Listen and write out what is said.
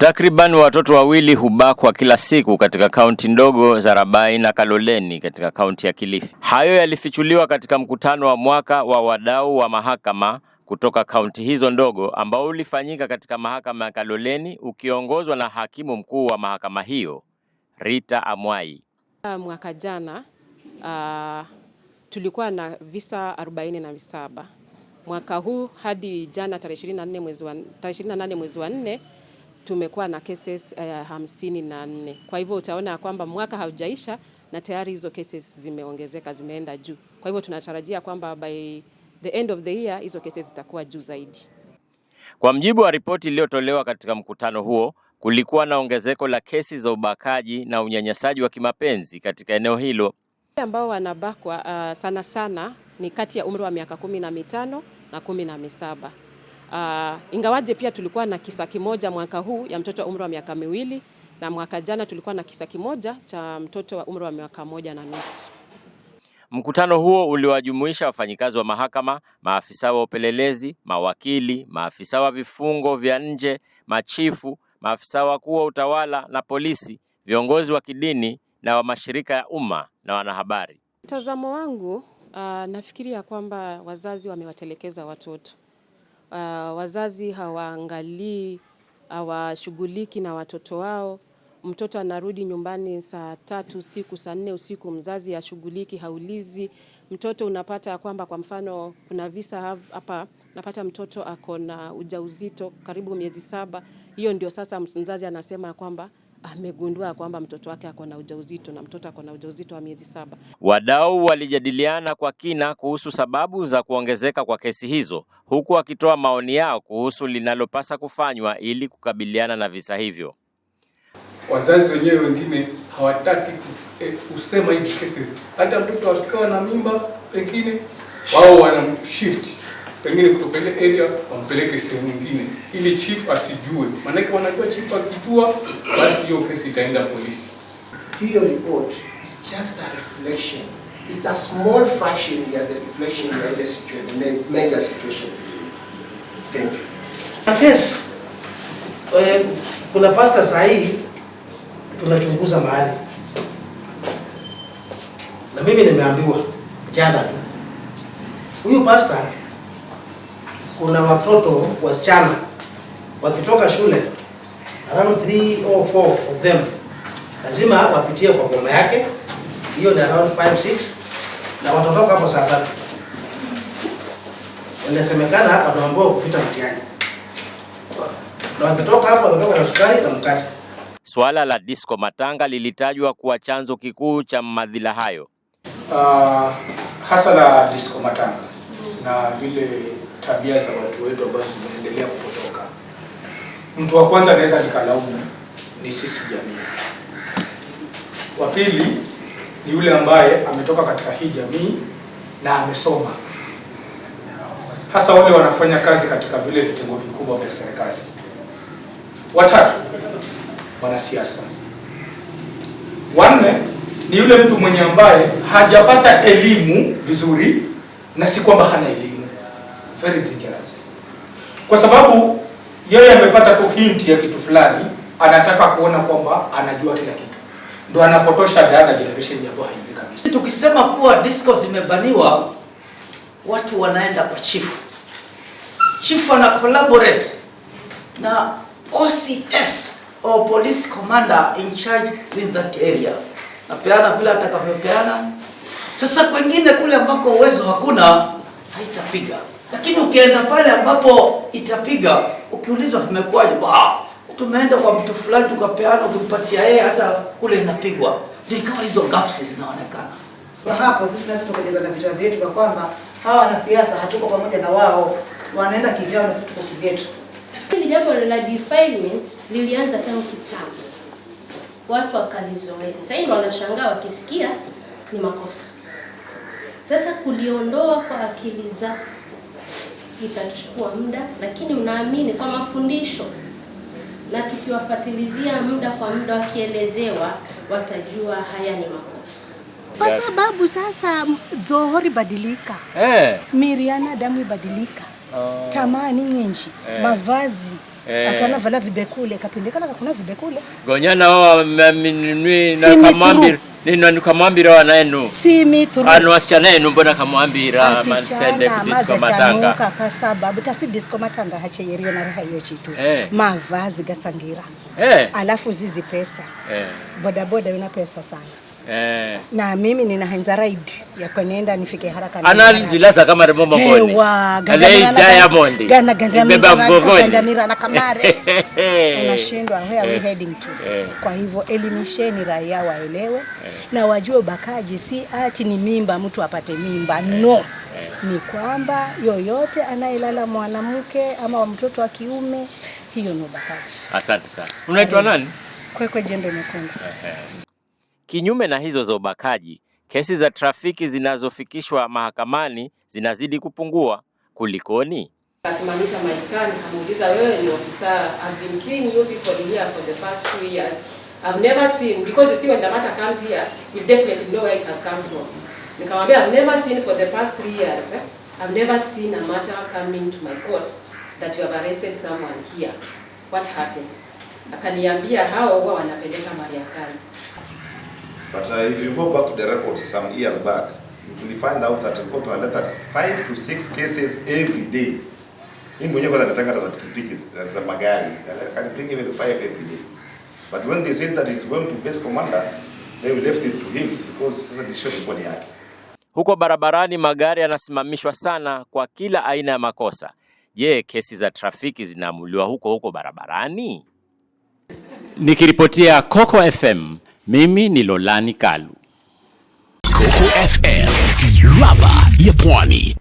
Takriban watoto wawili hubakwa kila siku katika kaunti ndogo za Rabai na Kaloleni katika kaunti ya Kilifi. Hayo yalifichuliwa katika mkutano wa mwaka wa wadau wa mahakama kutoka kaunti hizo ndogo ambao ulifanyika katika mahakama ya Kaloleni ukiongozwa na hakimu mkuu wa mahakama hiyo Rita Amwai. Mwaka jana uh, tulikuwa na visa 47. Mwaka huu hadi jana tarehe 24 mwezi wa 4 tumekuwa na cases eh, hamsini na nne. Kwa hivyo utaona kwamba mwaka haujaisha na tayari hizo cases zimeongezeka, zimeenda juu. Kwa hivyo tunatarajia kwamba by the end of the year hizo cases zitakuwa juu zaidi. Kwa mjibu wa ripoti iliyotolewa katika mkutano huo, kulikuwa na ongezeko la kesi za ubakaji na unyanyasaji wa kimapenzi katika eneo hilo. Ambao wanabakwa uh, sana sana ni kati ya umri wa miaka kumi na mitano na kumi na misaba. Uh, ingawaje pia tulikuwa na kisa kimoja mwaka huu ya mtoto wa umri wa miaka miwili na mwaka jana tulikuwa na kisa kimoja cha mtoto wa umri wa miaka moja na nusu. Mkutano huo uliwajumuisha wafanyikazi wa mahakama, maafisa wa upelelezi, mawakili, maafisa wa vifungo vya nje, machifu, maafisa wakuu wa utawala na polisi, viongozi wa kidini na wa mashirika ya umma na wanahabari. Mtazamo wangu, uh, nafikiria kwamba wazazi wamewatelekeza watoto uh, wazazi hawaangalii, hawashughuliki na watoto wao. Mtoto anarudi nyumbani saa tatu usiku, saa nne usiku, mzazi hashughuliki, haulizi mtoto. Unapata kwamba kwa mfano kuna visa hapa, napata mtoto ako na ujauzito karibu miezi saba, hiyo ndio sasa mzazi anasema kwamba amegundua kwamba mtoto wake ako na ujauzito na mtoto ako na ujauzito wa miezi saba. Wadau walijadiliana kwa kina kuhusu sababu za kuongezeka kwa kesi hizo, huku wakitoa maoni yao kuhusu linalopasa kufanywa ili kukabiliana na visa hivyo. Wazazi wenyewe wengine hawataki eh, kusema hizi kesi, hata mtoto akikawa na mimba pengine wao wanamshift pengine kutoka ile area wampeleke sehemu nyingine, ili chief asijue, maanake wanajua chief akijua, basi hiyo kesi itaenda polisi. Hiyo report is just a reflection, it a small fraction ya the reflection ya ile situation, mega situation. Thank you. Yes. Eh, kuna pasta sahihi tunachunguza mahali na mimi nimeambiwa jana tu huyu pastor kuna watoto wasichana wakitoka shule around 3 or 4 of them lazima wapitie kwa goma yake, hiyo ni around 5 6 na watotoka hapo saa tatu inasemekana hapa wanaambiwa kupita mtihani, na wakitoka hapo wanatoka na sukari na mkate. Swala la disco matanga lilitajwa kuwa chanzo kikuu cha madhila hayo, uh, hasa la disco matanga na vile tabia za watu wetu ambazo zimeendelea kupotoka. Mtu wa kwanza anaweza nikalaumu ni sisi jamii. Wa pili ni yule ambaye ametoka katika hii jamii na amesoma, hasa wale wanafanya kazi katika vile vitengo vikubwa vya serikali. Watatu, wanasiasa. Wanne ni yule mtu mwenye ambaye hajapata elimu vizuri, na si kwamba hana elimu very dangerous, kwa sababu yeye amepata tu hint ya kitu fulani, anataka kuona kwamba anajua kila kitu, ndo anapotosha the other generation ambayo kabisa. Tukisema kuwa disco zimebaniwa, watu wanaenda kwa chifu, chifu ana collaborate na OCS or police commander in charge with that area, na peana vile atakavyopeana. Sasa kwengine kule ambako uwezo hakuna haitapiga. Lakini ukienda pale ambapo itapiga, ukiulizwa vimekuwaje, tumeenda kwa mtu fulani tukapeana, ukimpatia yeye hata kule inapigwa, nikawa hizo gaps zinaonekana. Kwa hapo sisi tunaweza tukajaza na vichwa vyetu kwa kwamba hawa wanasiasa hatuko pamoja na wao, wanaenda kivyao na sisi tuko kivyetu. Hili jambo la defilement lilianza tangu kitambo, watu wakalizoea. Sasa hivi wanashangaa wakisikia ni makosa. Sasa kuliondoa kwa akili zao kitachukua muda, lakini mnaamini kwa mafundisho na tukiwafatilizia muda kwa muda, wakielezewa watajua haya ni makosa, kwa sababu sasa zohori badilika hey. Eh. Miriana damu ibadilika oh. ni nyinji hey. Eh. Mavazi hey. Eh. Watu vala vibekule kapindikana kakuna vibekule gonyana wao mameninui na kamambiri nino nikamwambira wana enu ano wasichana enu mbona kamwambira masende kudisko matanga sababu tasi disko matanga yeriyo na raha hiyo chitu hey. Eh. mavazi gatangira. hey. Eh. alafu zizi pesa hey. Eh. bodaboda yuna pesa sana Eh. Na mimi nina hanza ride ya kwenenda nifike haraka na. Ana zilaza kama remomba mboni. Ewa, gandamira diamond. Gana gandamira na na kamare. Unashindwa where we eh. heading to? Eh. Kwa hivyo elimisheni raia waelewe na wajue ubakaji si ati ni mimba mtu apate mimba. No. Ni kwamba yoyote anayelala mwanamke ama mtoto wa kiume hiyo ni ubakaji. Asante sana. Unaitwa nani? Kwekwe Jembe mekundu Kinyume na hizo za ubakaji, kesi za trafiki zinazofikishwa mahakamani zinazidi kupungua. Kulikoni? Kasimamisha maikani, kamuuliza wewe ni ofisa. I've been seeing you people here for the past two years. I've never seen because you see when the matter comes here, we definitely know where it has come from. Nikamwambia I've never seen for the past three years. Eh? I've never seen a matter coming to my court that you have arrested someone here. What happens? Akaniambia hao huwa wanapeleka Mariakani. But uh, if you go back to the records some years back, you will find out that nilikuwa tunaleta five to six cases every day. Mimi mwenyewe kwanza nataka za pikipiki za magari. Eh, can bring even five every day. But when they said that it's going to base commander, they left it to him because sasa decision ilikuwa ni yake. Huko barabarani magari yanasimamishwa sana kwa kila aina ya makosa. Je, kesi za trafiki zinaamuliwa huko huko barabarani? Nikiripotia Coco FM mimi ni Lolani Kalu, Coco FM, ladha ya Pwani.